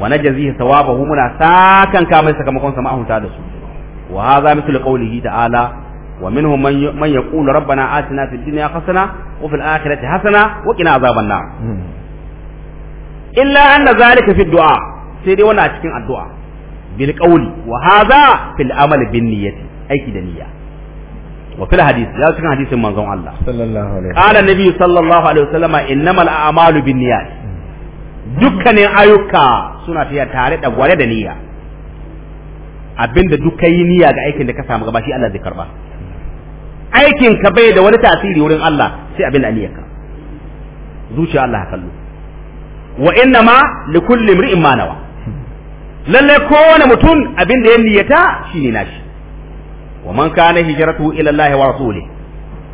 wa najzihi thawabahu muna sakan ka mai sakamakon sa ma'ahunta da su وهذا مثل قوله تعالى ومنهم من من يقول ربنا آتنا في الدنيا حسنة وفي الآخرة حسنة وقنا عذاب النار إلا أن ذلك في الدعاء سيدي وانا أشكين الدعاء بالقول وهذا في العمل بالنية أي كدنية وفي الحديث لا تكن حديث من زون الله صلى الله عليه وسلم قال النبي صلى الله عليه وسلم إنما الأعمال بالنيات دكان أيوكا سنة تيا تاريخ أبوالي دنيا abinda duk kai niyya ga aikin da ka samu gaba shi Allah zai karba aikin ka bai da wani tasiri wurin Allah sai abin abinda ka zuciya Allah kallo wa inna ma kulli imri'in ma nawa lalle kowane mutum abinda ya niyyata shine nashi wa man kana hijratu ila Allah wa rasuli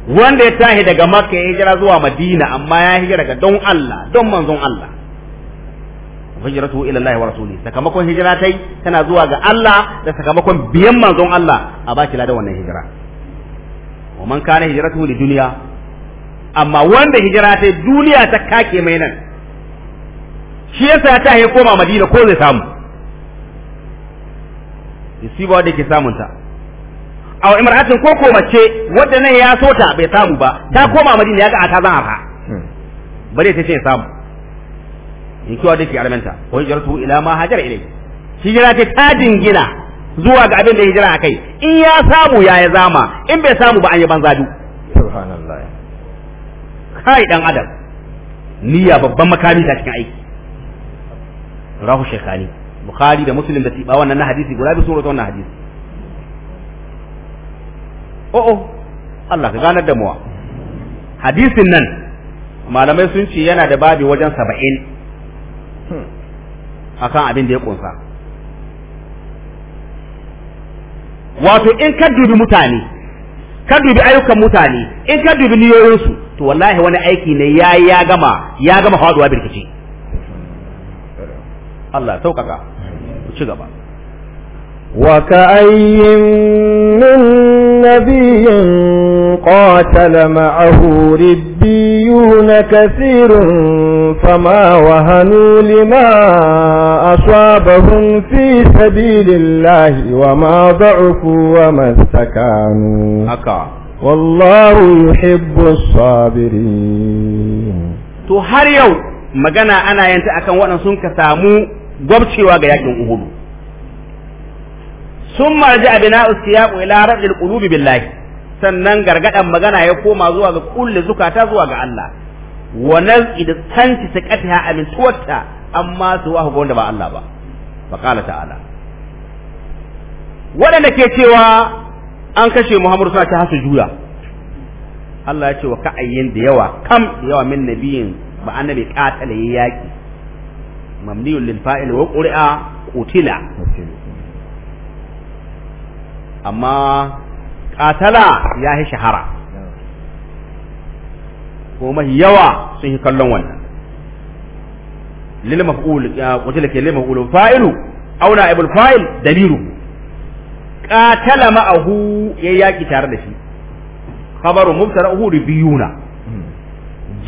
wanda ya tahi daga Makka ya hijira zuwa Madina amma ya hijira ga don Allah don manzon Allah hijratu ila Allah wa rasuli sakamakon hijira tai tana zuwa ga Allah da sakamakon biyan manzon Allah a baki ladan wannan hijira wa man kana hijratu li dunya amma wanda hijira tai duniya ta kake mai nan shi yasa ta ya koma Madina ko zai samu nasiba da ke samunta a imra'atin ko koma ce wadda nan ya sota bai samu ba ta koma Madina ya ga a ta zan afa hmm. bare ta ce samu kiwa da ke ko hijira tu ila ma hajar ilai hijira ta ta dingina zuwa ga abin da hijira akai in ya samu ya ya zama in bai samu ba an yi banza du subhanallah kai dan adam niyya babban makami ta cikin aiki rahu shekani bukhari da muslim da tiba wannan na hadisi guda bi surata wannan hadisi o oh, o oh, Allah ka ganar da muwa hadisin nan malamai sun ce yana da babi wajen saba'in akan abin da ya kunsa wato in ka dubi mutane ka dubi ayyukan mutane in ka dubi niyoyinsu to wallahi wani aiki ne ya ya gama ya gama faduwa birkici Allah sauƙaƙa ci gaba وكأي من نبي قاتل معه ربيون كثير فما وهنوا لما أصابهم في سبيل الله وما ضعفوا وما استكانوا والله يحب الصابرين to har yau magana ana yanta akan waɗanda sun ka samu gwabcewa ga yakin uhudu sun marji abina ustiyaku ila rabbil qulubi billahi sannan gargadan magana ya koma zuwa ga kullu zukata zuwa ga Allah wa naz'i da tanti sakatiha amintuwarta amma su ga wanda ba Allah ba fa qala ta'ala ke cewa an kashe Muhammadu sa ta hasu juya Allah ya ce wa ka'ayyin da yawa kam da yawa min nabiyin ba annabi qatala yaki mamniyul lil fa'il wa qur'a qutila amma katala ya yi shahara kuma yawa sun yi kallon wannan lil maf'ul qutila ke lil maf'ul fa'ilu aw na'ibul fa'il dalilu qatala ma'ahu ya yaki tare da shi khabaru mubtara'uhu biyuna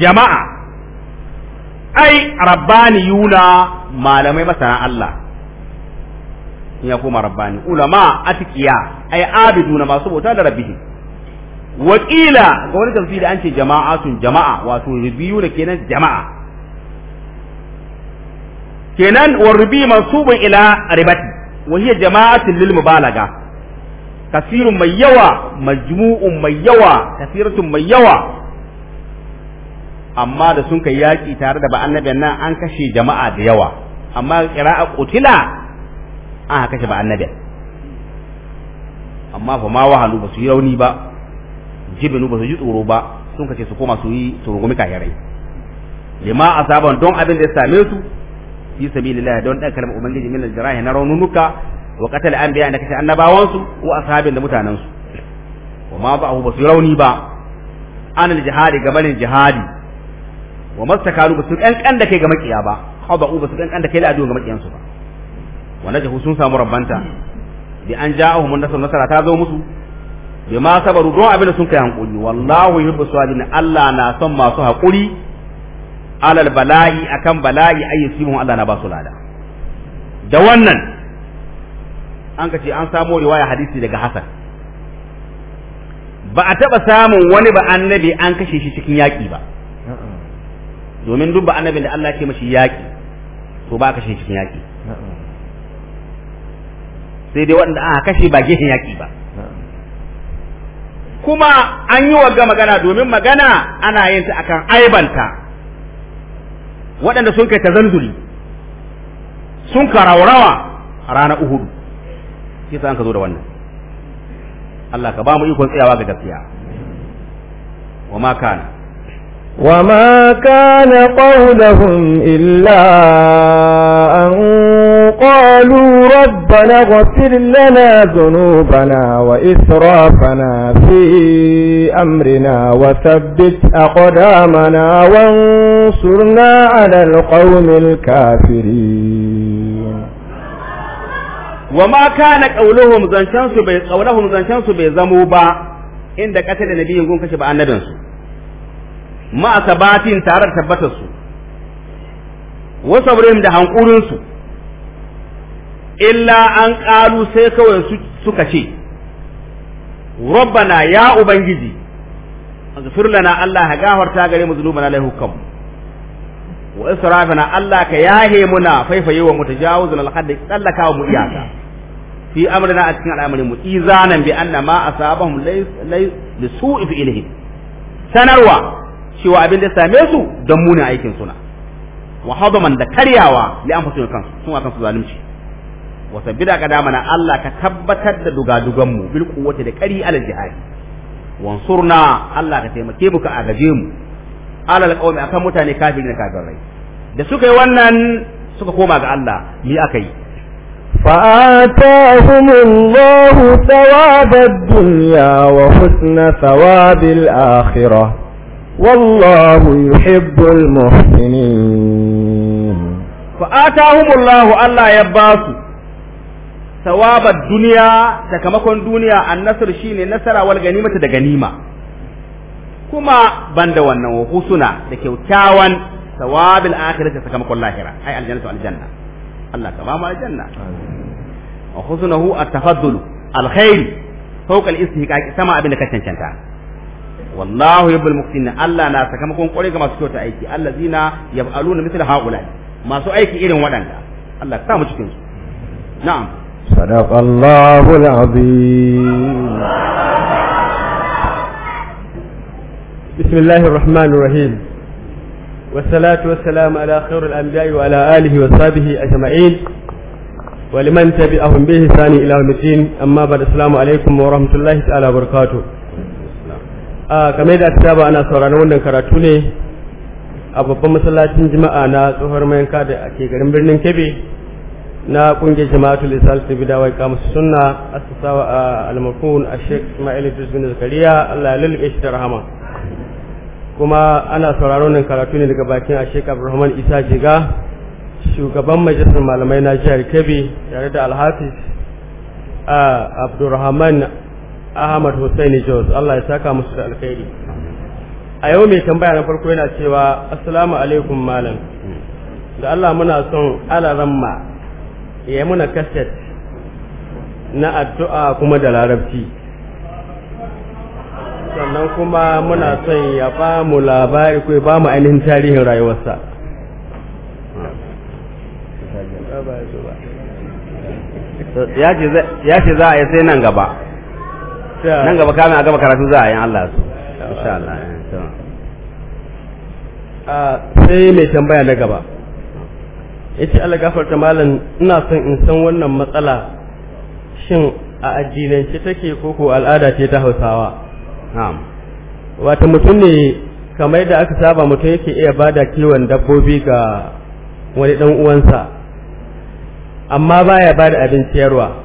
jama'a ai yuna malamai masana Allah ya koma rabbani ulama Ai ay na masu bauta da rabbihim wakila ga wani tafsiri an ce jama'atun jama'a wato rubiyu da kenan jama'a kenan wa rubi mansubun ila ribati wa hiya jama'atun lil mubalaga kasirun mai yawa majmu'un mai yawa kasiratun mai yawa amma da sun kai yaki tare da ba annabi nan an kashe jama'a da yawa amma qira'a qutila an kashe ba annabi amma fa ma wahalu ba su yi rauni ba jibinu ba su yi tsoro ba sun kace su koma su yi turugumi kahirai lima asaban don abin da ya same su fi sabilillah don dan kalmar ubangiji min al-jarahi na raununuka wa qatala anbiya da kace annabawan su wa ashabin da mutanen su wa ma abu ba su rauni ba an al-jihadi gabanin jihadi wa mastakanu ba su kankan da kai ga makiya ba khada'u ba su kankan da kai da addu'a ga makiyansu ba wa najahu sun samu rabbanta bi an ja'ahum nasr nasara ta zo musu bi ma sabaru don abin da sun kai hankuli wallahu yuhibbu sabirin Allah na son masu hakuri alal bala'i akan bala'i ayyusibun Allah na ba su lada da wannan an kace an samo riwaya hadisi daga Hassan ba a taba samun wani ba annabi an kashe shi cikin yaƙi ba domin duk ba annabin da Allah ya ce mashi yaƙi to ba kashe cikin yaƙi sai dai waɗanda aka kashe ba gehen yaƙi ba kuma an yi wagga magana domin magana ana yin ta akan aibanta waɗanda sun kai tazanduli sun karaurawa ranar uhudu kisa an ka zo da wannan Allah ka ba mu ikon tsayawa ga gaskiya wa ma kana ma kana qawluhum illa an قالوا ربنا اغفر لنا ذنوبنا وإسرافنا في أمرنا وثبت أقدامنا وانصرنا على القوم الكافرين وما كان قولهم زنشانسو بي قولهم زنشانسو بي زموبا عند قتل النبي يقول كشب عن نبنسو ما أثباتين تارك ثبتسو وصبرهم ده هنقولنسو illa an ƙalu sai kawai suka ce rabbana ya ubangiji azfir lana Allah ka gafarta gare mu zulumana lai hukam wa israfana Allah ka yahe muna faifaye wa mutajawizun alhaddi tsallaka wa mu iyaka fi amrina a cikin al'amarin mu izanan bi anna ma asabahum lay da su ifi ilhi sanarwa cewa abin da ya same su don muna aikin suna wa hadaman da karyawa li anfusihim kansu sun wa kansu zalunci wa sabbida qadamana Allah ka tabbatar da dugadugan mu bil da qari alal jihad wansurna Allah ka taimake mu ka agaje alal akan mutane kafirin da kafirai da suka yi wannan suka koma ga Allah ni akai فآتاهم الله ثواب الدنيا وحسن ثواب الآخرة والله يحب المحسنين فآتاهم Allah ya basu. sawabar duniya sakamakon duniya annasar shine nasara wal ganimata da ganima kuma ban da wannan wa husuna da kyaukyawan sawabil da sakamakon lahira ai aljannatu aljanna Allah ka ba mu aljanna wa husnuhu at-tafaddul alkhair fawqa al-istihqaq sama abin da ka cancanta wallahu yubul muqtin Allah na sakamakon kore ga masu kyauta aiki allazina yaf'aluna mithla haula masu aiki irin waɗanda Allah ta mu cikin su na'am صدق الله العظيم بسم الله الرحمن الرحيم والصلاة والسلام على خير الأنبياء وعلى آله وصحبه أجمعين ولمن تبعهم بإحسان إلى يوم الدين أما بعد السلام عليكم ورحمة الله تعالى وبركاته آه كما إذا أتابع أنا سوران ونن كراتوني a babban masallacin jima'a na tsohon mayanka da ke garin birnin kebe na kungiyar jama'atu isal ta bida wai kamusu sunna asasawa a almakon a shek ismail idris bin zakariya allah ya shi da rahama kuma ana sauraro nan karatu ne daga bakin a shek abdulrahman isa jiga shugaban majalisar malamai na jihar kebbi tare da alhafiz a abdulrahman ahmad hussaini jos allah ya saka musu da alkhairi a yau mai tambaya na farko yana cewa assalamu alaikum malam da allah muna son alaramma ya muna kaset na addu'a kuma da larabci sannan kuma muna son ya ba mu labari kai ba mu ainihin tarihin rayuwarsa ya ce za a yi sai nan gaba nan gaba kamin a gaba karatu za a yi Allah su insha Allah ah, sai mai tambaya na gaba yace Allah gafarta malam ina son in san wannan matsala shin a addinance take ko ko al'ada ce ta Hausawa na'am wato mutum ne kamar da aka saba mutum yake iya bada kiwon dabbobi ga wani dan uwansa amma baya bada abin ciyarwa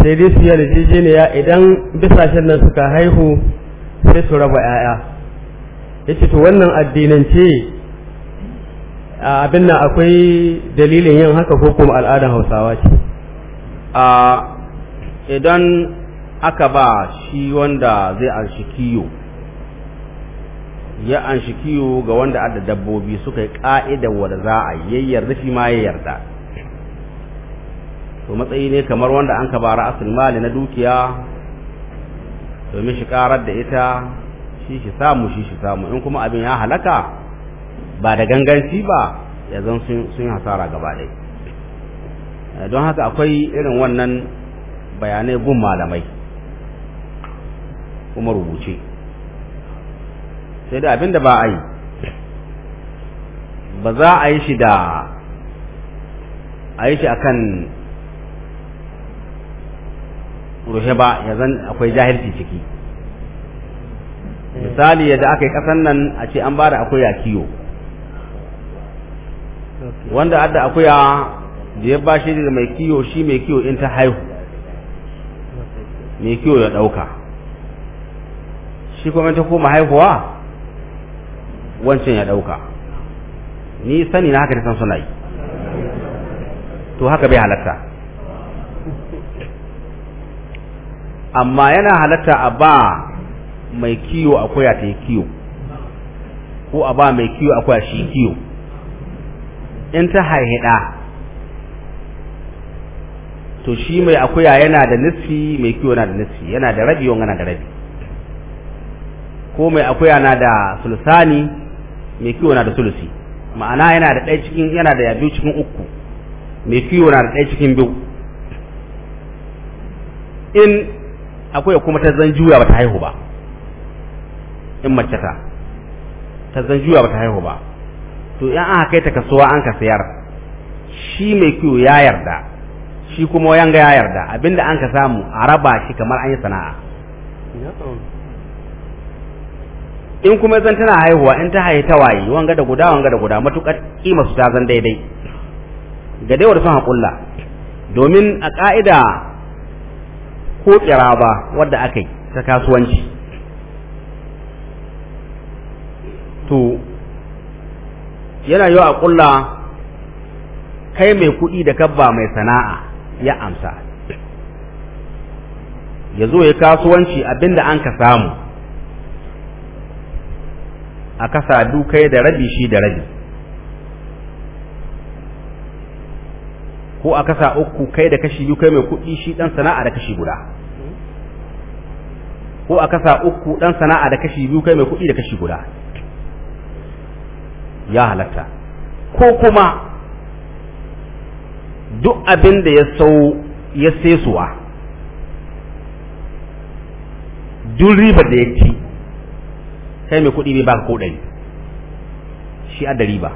sai dai su yarjejeniya idan bisashen nan suka haihu sai su raba 'ya'ya yace to wannan addinance abin nan akwai dalilin yin haka ko kuma al'adar hausawa ce idan aka ba shi wanda zai anshi kiyo ya anshi kiyo ga wanda adda dabbobi suka yi ka'idar wadda za a yi yarda shi ma ya yarda to matsayi ne kamar wanda an ka ba ra'asul mali na dukiya domin shi karar da ita shi shi samu shi shi samu in kuma abin ya halaka ba da ganganci ba ya zan sun hasara gaba ɗaya eh, don haka akwai irin wannan bayanai gun malamai kuma rubuce sai da abinda ba a yi ba za a yi shi da a yi shi akan rushe ba ya zan akwai jahilci ciki eh. misali yadda aka yi kasan nan a ce an ba da akwai ya kiyo wanda adda akuya da ya bashi da mai kiyo shi mai kiyo in ta haihu mai kiyo ya ɗauka shi kuma ta koma haihuwa wancan ya ɗauka ni sani na haka san suna yi to haka bai halatta amma yana halatta a ba mai kiyo akuya ta yi kiyo ko a ba mai kiyo akuya shi kiyo in ta haihida to shi mai akuya yana da nisfi mai kiwo na da nisfi yana da rabi wanga yana da rabi ko mai akuya na da sulusani mai kiwo na da sulusi ma'ana yana da ɗaya cikin yana da biyu cikin uku mai kiwo na da ɗaya cikin biyu in akwai kuma ta zan juya ba ta haihu ba in mace ta ta zan juya ba ta haihu ba to in aka kai ta kasuwa an ka sayar shi mai kiwo ya yarda shi kuma wayan ga ya yarda abinda an ka samu a raba shi kamar an yi sana'a in kuma zan tana haihuwa in ta ta tawaye wanga da guda wanga da guda matukar kima su ta zan daidai ga daiwar son haƙulla domin a ƙa'ida ko kira ba wadda aka yi ta kasuwanci to yana yau a ƙulla kai mai kuɗi da kabba mai sana'a ya amsa ya zo ya kasuwanci abinda an ka samu a kasa dukai da rabi shi da rabi ko a kasa uku kai da kashi biyu kai mai kuɗi shi ɗan sana'a da kashi guda ko a kasa uku ɗan sana'a da kashi biyu kai mai kuɗi da kashi guda ya halatta ko kuma duk abin da ya sau ya sesuwa duk riba da ya ci kai mai kuɗi bai baka ko ɗari shi a da riba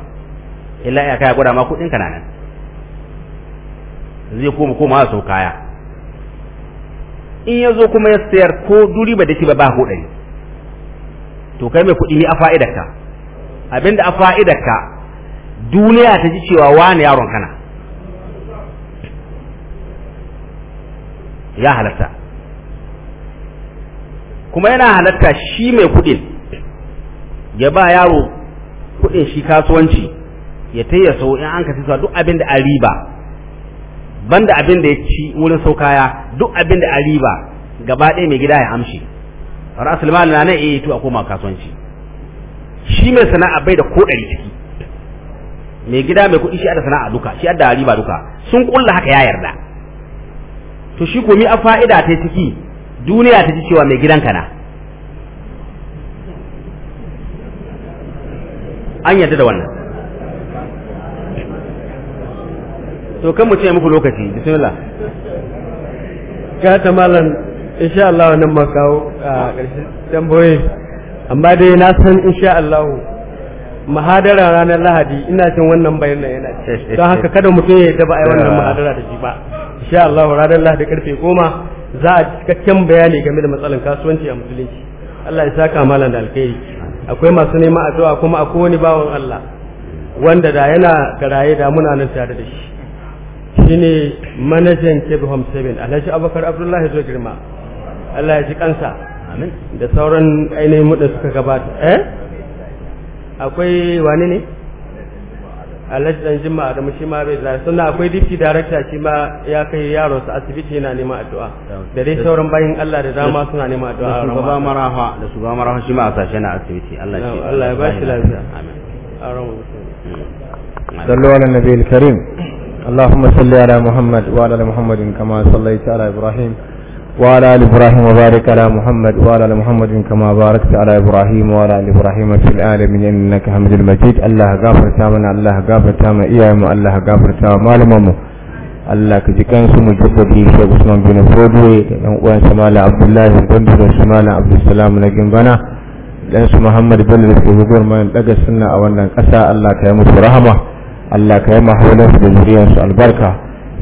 illa ya kaya gwada ma kuɗin ka nan zai koma koma sau kaya in ya zo kuma ya sayar ko duk riba da ya ci ba ba ko to kai mai kuɗi ne a fa'idarka abinda a fa'idarka duniya ta ji cewa wani yaron kana ya halatta kuma yana halatta shi mai kuɗin ya ba yaro kuɗin shi kasuwanci ya taya sau in an kasi duk abin da a riba banda abin da ya ci wurin sau kaya duk abin da a riba gaba ɗaya mai gida ya amshi rasul mal na nan yi eh, to a koma kasuwanci shi mai sana'a bai da ko ɗari ciki mai gida mai kuɗi shi ada sana'a duka shi ada riba duka sun kulla haka ya yarda to shi komi a fa'ida ta ciki duniya ta ji cewa mai gidan kana an yarda da wannan to kan mu ce muku lokaci bismillah ka ta malam insha Allah nan ma kawo a ƙarshen tambayoyi amma dai na san insha Allah mahadara ranar lahadi ina cin wannan bayanan yana (laughs) don haka kada mutum ya yi ba a wannan ah. mahadara da shi ba insha Allah ranar lahadi karfe goma za a cikakken bayani game da matsalan kasuwanci a musulunci Allah ya saka malam da alkhairi akwai masu neman addu'a kuma akwai wani bawan Allah wanda da yana garaye da muna nan tare da shi shine manajan Kebhom 7 Alhaji Abubakar Abdullahi zo girma Allah ya ji kansa da sauran ainihin muda suka gabata eh akwai wani ne alhaji dan jima da mushi ma bai zai sannan akwai dipti darakta shi ma ya kai yaro su asibiti yana nema addu'a da dai sauran bayin Allah da dama suna nema addu'a da su ba marafa da su ba marafa shi ma a sashe na asibiti Allah shi Allah ya ba shi lafiya amin hmm. sallu ala nabiyil karim اللهم صل على محمد وعلى ال محمد كما صليت على ابراهيم وعلى آل إبراهيم وبارك على محمد وعلى آل محمد كما باركت على إبراهيم وعلى آل إبراهيم في العالمين إنك حمد المجيد الله غافر تامنا الله غافر تام إيام الله غافر تام مالمامو Allah ka ji kansu mu ji kudi Sheikh Usman bin Fodwe da ɗan uwan Samala Abdullahi Gombe da Samala na Gimbana dan Muhammad Bello da ke gugur man daga sunna a wannan ƙasa Allah ka yi musu rahama Allah ka da zuriyarsu albarka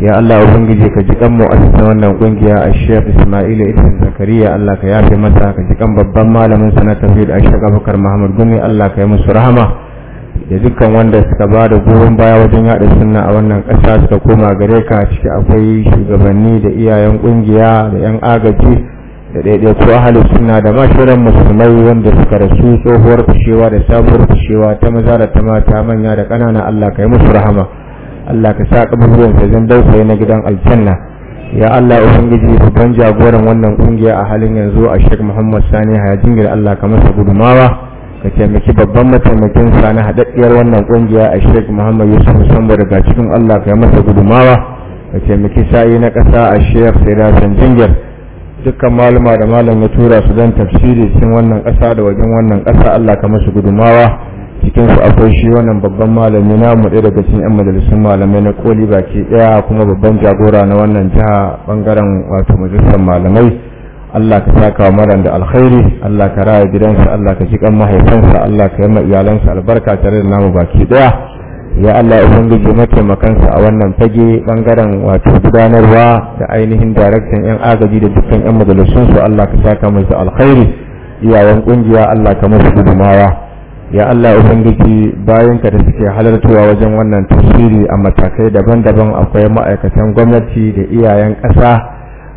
ya Allah ubangiji ka ji kanmu a wannan kungiya a Sheikh Ismail Ibn Zakariya Allah ka yafe masa ka ji kan babban malamin sana tafsir a Sheikh Abubakar Muhammad Gumi Allah ka yi musu rahama da dukkan wanda suka ba da goyon baya wajen yada sunna a wannan kasa suka koma gare ka ciki akwai shugabanni da iyayen kungiya da yan agaji da ko ahli sunna da mashirin musulmai wanda suka rasu tsohuwar fushewa da sabuwar fushewa ta maza da ta mata manya da ƙanana Allah ka yi musu rahama Allah ka sa kaburbuwan sa zan dausaye na gidan aljanna ya Allah ubangiji su ban jagoran wannan kungiya a halin yanzu a Sheikh Muhammad Sani Hajingir Allah ka masa gudumawa ka taimaki babban mataimakin sa na haɗaɗɗiyar wannan kungiya a Sheikh Muhammad Yusuf Sambo daga cikin Allah ka masa gudumawa ka taimaki sa'i na ƙasa a Sheikh Sirasan Jingir dukkan malama da malam ya tura su dan tafsiri cikin wannan ƙasa da wajen wannan ƙasa Allah ka masa gudumawa cikin su akwai shi wannan babban malami na mu daga cikin yan majalisun malamai na koli baki daya kuma babban jagora na wannan jiha bangaren wato majalisar malamai Allah ka saka maran da alkhairi Allah ka raya gidansa Allah ka ji kan mahaifansa Allah ka yi ma iyalansa albarka tare da namu baki daya ya Allah ya ubangiji mataimakansa a wannan fage bangaren wato gudanarwa da ainihin daraktan yan agaji da dukkan yan majalisun su Allah ka saka musu alkhairi iyayen kungiya Allah ka musu gudumawa ya Allah Ubangiji ka da suke halartuwa wajen wannan tasiri a matakai daban-daban akwai ma'aikatan gwamnati da iyayen ƙasa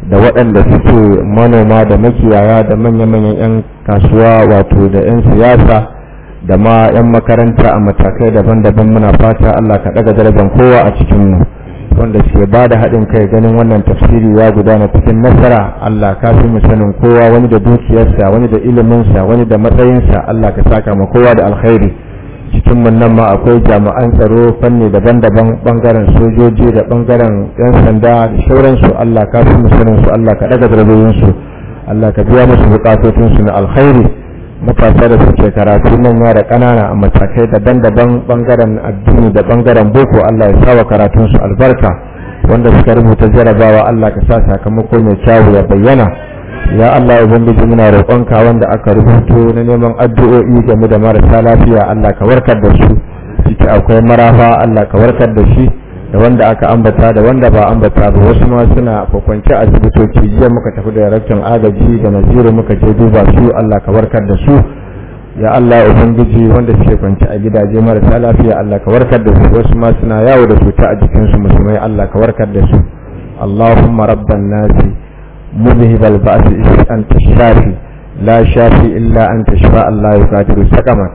da waɗanda suke manoma da makiyaya da manya-manyan 'yan kasuwa wato da 'yan siyasa da ma 'yan makaranta a matakai daban-daban muna fata Allah ka ɗaga darajar kowa a cikin mu wanda suke ba da haɗin kai ganin wannan tafsiri ya gudana cikin nasara Allah ka fi mu sanin kowa wani da dukiyarsa wani da iliminsa wani da matsayinsa Allah ka saka ma kowa da alkhairi cikin mun nan ma akwai jami'an tsaro fanni daban-daban bangaren sojoji da bangaren yan sanda da sauransu Allah ka fi mu sanin su Allah ka daga darajoyin Allah ka biya musu bukatotin na alkhairi matasa da suke karatu manya da ƙanana a matakai daban-daban ɓangaren addini da ɓangaren boko Allah ya sawa su albarka wanda suka rubuta jarabawa Allah ka sa sakamako mai kyawu ya bayyana ya Allah ubangiji muna roƙonka wanda aka rubuto na neman addu'o'i game da marasa lafiya Allah ka warkar da su ciki akwai marafa Allah ka warkar da shi da wanda aka ambata da wanda ba ambata ba wasu ma suna kwakwance asibitoci jiya muka tafi da yarakcin agaji da naziru muka je duba su Allah ka warkar da su ya Allah ubangiji wanda suke kwance a gidaje marasa lafiya Allah ka warkar da su wasu ma suna yawo da cuta a jikin su musulmai Allah ka warkar da su allahumma اللهم رب الناس مذهب البأس أنت الشافي لا شافي إلا أنت شفاء لا يقادر سقما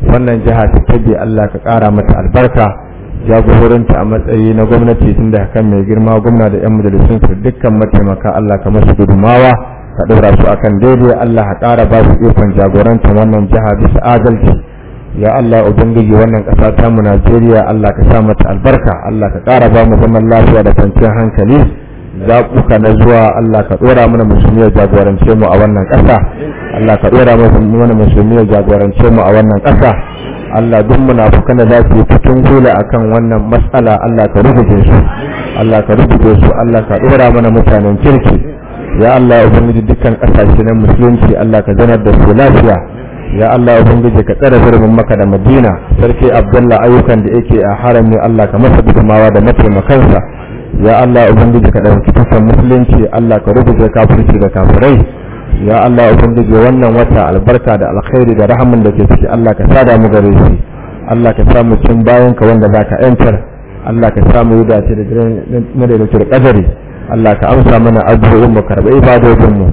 wannan jiha ta kebe Allah ka kara mata albarka jagoranci a matsayi na gwamnati tun da kan mai girma gwamna da 'yan majalisun su dukkan mataimaka Allah ka masu gudumawa ka ɗaura su a kan daidai Allah ka ƙara ba su ikon jagoranta wannan jiha bisa adalci ya Allah ubangiji wannan ƙasa ta mu Najeriya Allah ka sa mata albarka Allah ka ƙara ba mu zaman lafiya da kwanciyar hankali zaɓuka na zuwa Allah ka ɗora mana musulmi jagorance mu a wannan ƙasa Allah ka ɗora mana musulmi jagorance mu a wannan ƙasa Allah duk munafukan da za su yi cikin hula akan wannan matsala Allah ka rubuce su Allah ka rubuce su Allah ka dora mana mutanen kirki ya Allah ubangiji dukkan kasashe na musulunci Allah ka zanar da su lafiya ya Allah ubangiji ka tsare birnin maka da Madina sarki Abdullah ayyukan da yake a harami Allah ka masa gudumawa da mataimakansa ya Allah ubangiji ka dauki tafan musulunci Allah ka rubuce kafirci da kafirai ya Allah ubangiji wannan wata albarka da alkhairi da rahaman da ke ciki Allah ka sada mu gare shi Allah ka samu cin bayan ka wanda zaka yantar Allah ka samu yuda ce da madaidaicin kadari Allah ka amsa mana addu'o'in mu karɓi ibadodin mu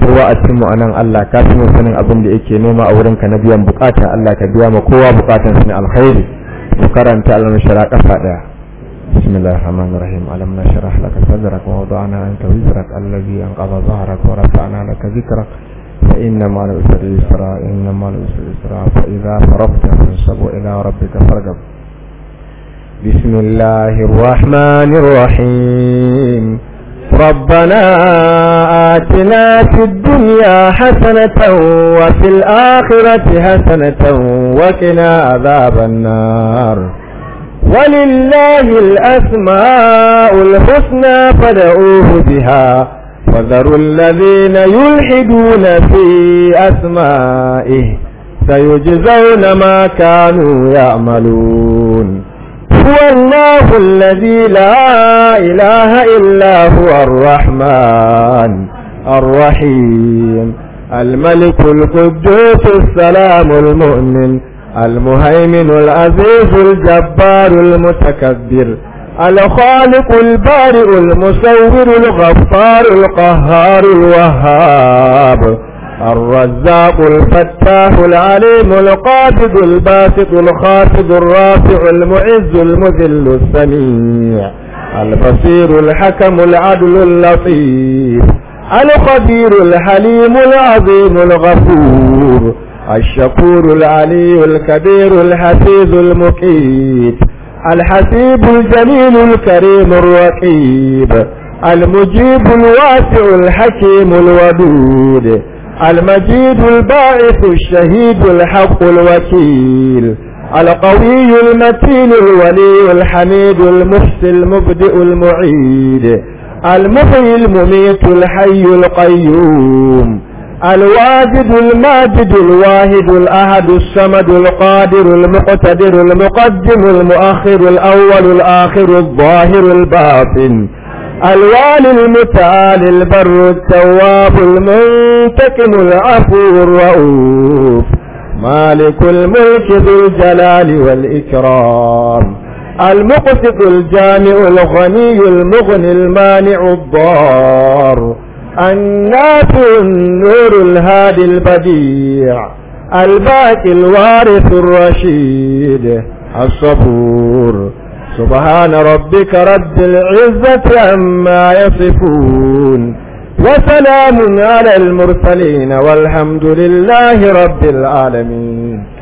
kowa a cikin mu anan Allah ka fi mu sanin abin da yake nema a wurin ka na biyan bukata Allah ka biya ma kowa bukatan su na alkhairi ku karanta al-shara kafa daya بسم الله الرحمن الرحيم ألم نشرح لك صدرك ووضعنا أنت وزرك الذي أنقض ظهرك ورفعنا لك ذكرك فإن مع العسر يسرا إن مع العسر يسرا فإذا فرغت فانصب إلى ربك فارغب بسم الله الرحمن الرحيم ربنا آتنا في الدنيا حسنة وفي الآخرة حسنة وقنا عذاب النار ولله الأسماء الحسنى فدعوه بها وذروا الذين يلحدون في أسمائه سيجزون ما كانوا يعملون هو الله الذي لا إله إلا هو الرحمن الرحيم الملك القدوس السلام المؤمن المهيمن العزيز الجبار المتكبر الخالق البارئ المصور الغفار القهار الوهاب الرزاق الفتاح العليم القابض الباسط الخافض الرافع المعز المذل السميع البصير الحكم العدل اللطيف الخبير الحليم العظيم الغفور الشكور العلي الكبير الحفيظ المقيت الحسيب الجليل الكريم الرقيب المجيب الواسع الحكيم الودود المجيد الباعث الشهيد الحق الوكيل القوي المتين الولي الحميد المحسي المبدئ المعيد المحيي المميت الحي القيوم الواجد الماجد الواهد الأحد الصمد القادر المقتدر المقدم المؤخر الأول الآخر الظاهر الباطن الوالي المتعال البر التواب المنتقم العفو الرؤوف مالك الملك ذو الجلال والإكرام المقسط الجامع الغني المغني المانع الضار الناس النور الهادي البديع الباقي الوارث الرشيد الصبور سبحان ربك رب العزة عما يصفون وسلام على المرسلين والحمد لله رب العالمين